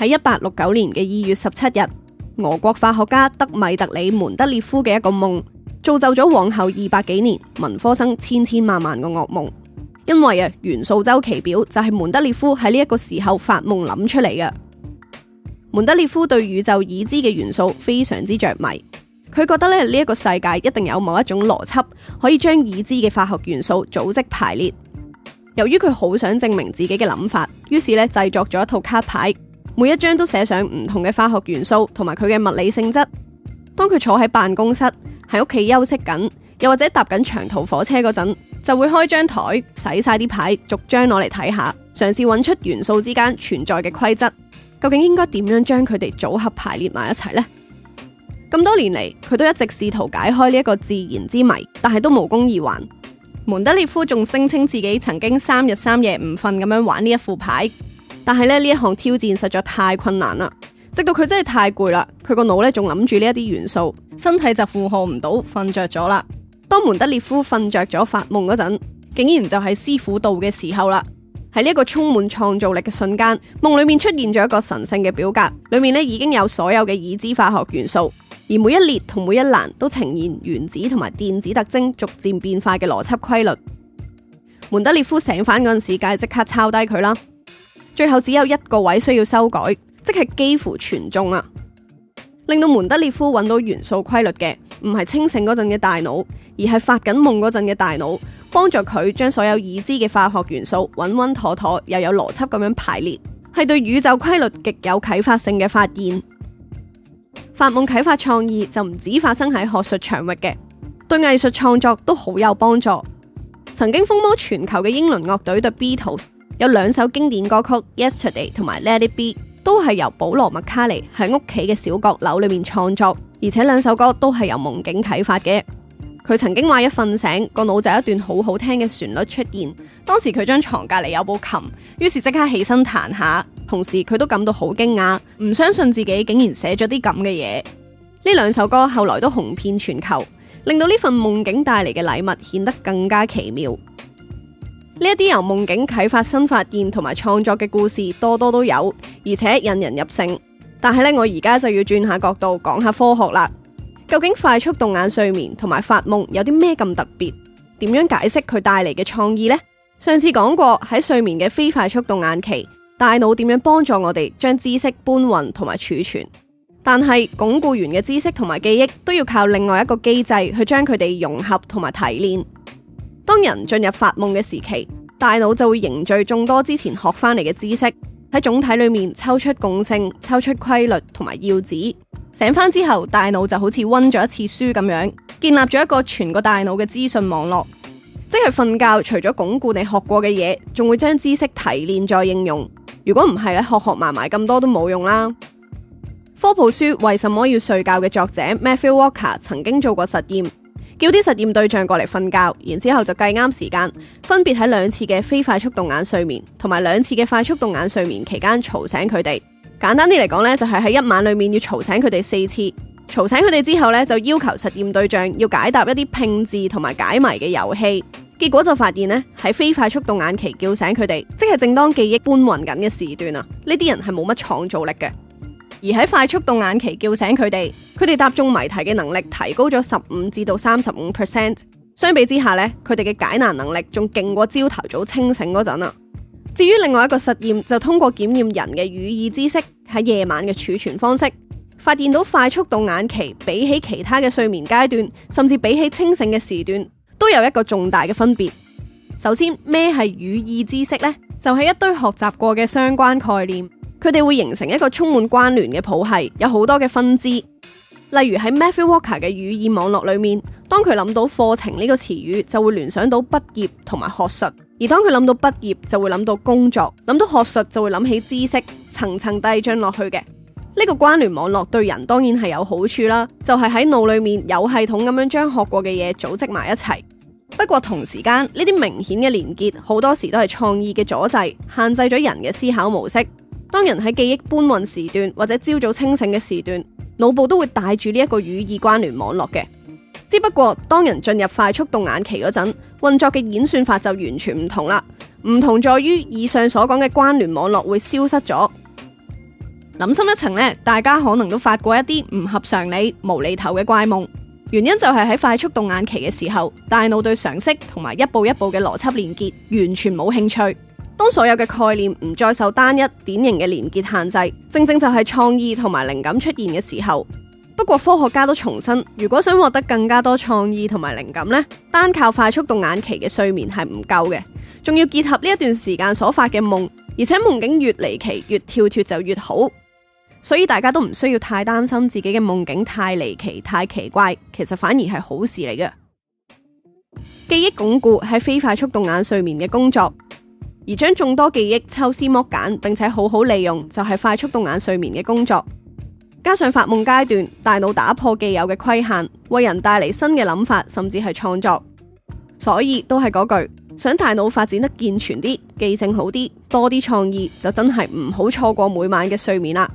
喺一八六九年嘅二月十七日，俄國化學家德米特里門德列夫嘅一個夢，造就咗往後二百幾年文科生千千萬萬個噩夢。因為啊，元素週期表就係門德列夫喺呢一個時候發夢諗出嚟嘅。門德列夫對宇宙已知嘅元素非常之着迷，佢覺得咧，呢一個世界一定有某一種邏輯可以將已知嘅化學元素組織排列。由於佢好想證明自己嘅諗法，於是咧製作咗一套卡牌。每一張都寫上唔同嘅化學元素同埋佢嘅物理性質。當佢坐喺辦公室、喺屋企休息緊，又或者搭緊長途火車嗰陣，就會開張台，洗晒啲牌，逐張攞嚟睇下，嘗試揾出元素之間存在嘅規則。究竟應該點樣將佢哋組合排列埋一齊呢？咁多年嚟，佢都一直試圖解開呢一個自然之謎，但係都無功而還。門德列夫仲聲稱自己曾經三日三夜唔瞓咁樣玩呢一副牌。但係咧，呢一項挑戰實在太困難啦。直到佢真係太攰啦，佢個腦咧仲諗住呢一啲元素，身體就負荷唔到，瞓着咗啦。當門德列夫瞓着咗發夢嗰陣，竟然就係師傅道嘅時候啦。喺呢一個充滿創造力嘅瞬間，夢裏面出現咗一個神聖嘅表格，裏面呢已經有所有嘅已知化學元素，而每一列同每一欄都呈現原子同埋電子特徵逐漸變化嘅邏輯規律。門德列夫醒翻嗰陣時，梗係即刻抄低佢啦。最後只有一個位需要修改，即係幾乎全中啊！令到門德列夫搵到元素規律嘅，唔係清醒嗰陣嘅大腦，而係發緊夢嗰陣嘅大腦，幫助佢將所有已知嘅化學元素穩穩妥妥，又有邏輯咁樣排列，係對宇宙規律極有啟發性嘅發現。發夢啟發創意就唔止發生喺學術場域嘅，對藝術創作都好有幫助。曾經風魔全球嘅英倫樂隊 The Beatles。有兩首經典歌曲《Yesterday》同埋《Let It Be》，都係由保羅麥卡尼喺屋企嘅小閣樓裏面創作，而且兩首歌都係由夢境啟發嘅。佢曾經話：一瞓醒個腦就有一段好好聽嘅旋律出現。當時佢張床隔籬有部琴，於是即刻起身彈下，同時佢都感到好驚訝，唔相信自己竟然寫咗啲咁嘅嘢。呢兩首歌後來都紅遍全球，令到呢份夢境帶嚟嘅禮物顯得更加奇妙。呢一啲由夢境啟發新發現同埋創作嘅故事多多都有，而且引人入勝。但係咧，我而家就要轉下角度講下科學啦。究竟快速動眼睡眠同埋發夢有啲咩咁特別？點樣解釋佢帶嚟嘅創意呢？上次講過喺睡眠嘅非快速動眼期，大腦點樣幫助我哋將知識搬運同埋儲存？但係鞏固完嘅知識同埋記憶都要靠另外一個機制去將佢哋融合同埋提煉。當人進入發夢嘅時期，大腦就會凝聚眾多之前學翻嚟嘅知識，喺總體裏面抽出共性、抽出規律同埋要旨。醒翻之後，大腦就好似溫咗一次書咁樣，建立咗一個全個大腦嘅資訊網絡。即係瞓覺，除咗鞏固你學過嘅嘢，仲會將知識提煉再應用。如果唔係咧，學學埋埋咁多都冇用啦。科普書《為什麼要睡覺》嘅作者 Matthew Walker 曾經做過實驗。叫啲實驗對象過嚟瞓覺，然之後就計啱時間，分別喺兩次嘅非快速動眼睡眠同埋兩次嘅快速動眼睡眠期間嘈醒佢哋。簡單啲嚟講呢就係喺一晚裏面要嘈醒佢哋四次。嘈醒佢哋之後呢，就要求實驗對象要解答一啲拼字同埋解謎嘅遊戲。結果就發現呢，喺非快速動眼期叫醒佢哋，即係正當記憶搬運緊嘅時段啊！呢啲人係冇乜創造力嘅。而喺快速動眼期叫醒佢哋，佢哋答中謎題嘅能力提高咗十五至到三十五 percent。相比之下咧，佢哋嘅解難能力仲勁過朝頭早清醒嗰陣啊。至於另外一個實驗，就通過檢驗人嘅語義知識喺夜晚嘅儲存方式，發現到快速動眼期比起其他嘅睡眠階段，甚至比起清醒嘅時段，都有一個重大嘅分別。首先，咩係語義知識呢？就係一堆學習過嘅相關概念。佢哋會形成一個充滿關聯嘅譜系，有好多嘅分支。例如喺 Matthew Walker 嘅語言網絡裏面，當佢諗到課程呢個詞語，就會聯想到畢業同埋學術；而當佢諗到畢業，就會諗到工作；諗到學術，就會諗起知識，層層遞進落去嘅呢個關聯網絡對人當然係有好處啦，就係喺腦裏面有系統咁樣將學過嘅嘢組織埋一齊。不過，同時間呢啲明顯嘅連結好多時都係創意嘅阻滯，限制咗人嘅思考模式。當人喺記憶搬運時段或者朝早清醒嘅時段，腦部都會帶住呢一個語意關聯網絡嘅。只不過當人進入快速動眼期嗰陣，運作嘅演算法就完全唔同啦。唔同在於以上所講嘅關聯網絡會消失咗。諗深一層咧，大家可能都發過一啲唔合常理、無厘頭嘅怪夢，原因就係喺快速動眼期嘅時候，大腦對常識同埋一步一步嘅邏輯連結完全冇興趣。當所有嘅概念唔再受單一典型嘅連結限制，正正就係創意同埋靈感出現嘅時候。不過科學家都重申，如果想獲得更加多創意同埋靈感呢，單靠快速動眼期嘅睡眠係唔夠嘅，仲要結合呢一段時間所發嘅夢，而且夢境越離奇越跳脫就越好。所以大家都唔需要太擔心自己嘅夢境太離奇太奇怪，其實反而係好事嚟嘅。記憶鞏固係非快速動眼睡眠嘅工作。而將眾多記憶抽絲剝繭，並且好好利用，就係快速動眼睡眠嘅工作。加上發夢階段，大腦打破既有嘅規限，為人帶嚟新嘅諗法，甚至係創作。所以都係嗰句，想大腦發展得健全啲、記性好啲、多啲創意，就真係唔好錯過每晚嘅睡眠啦。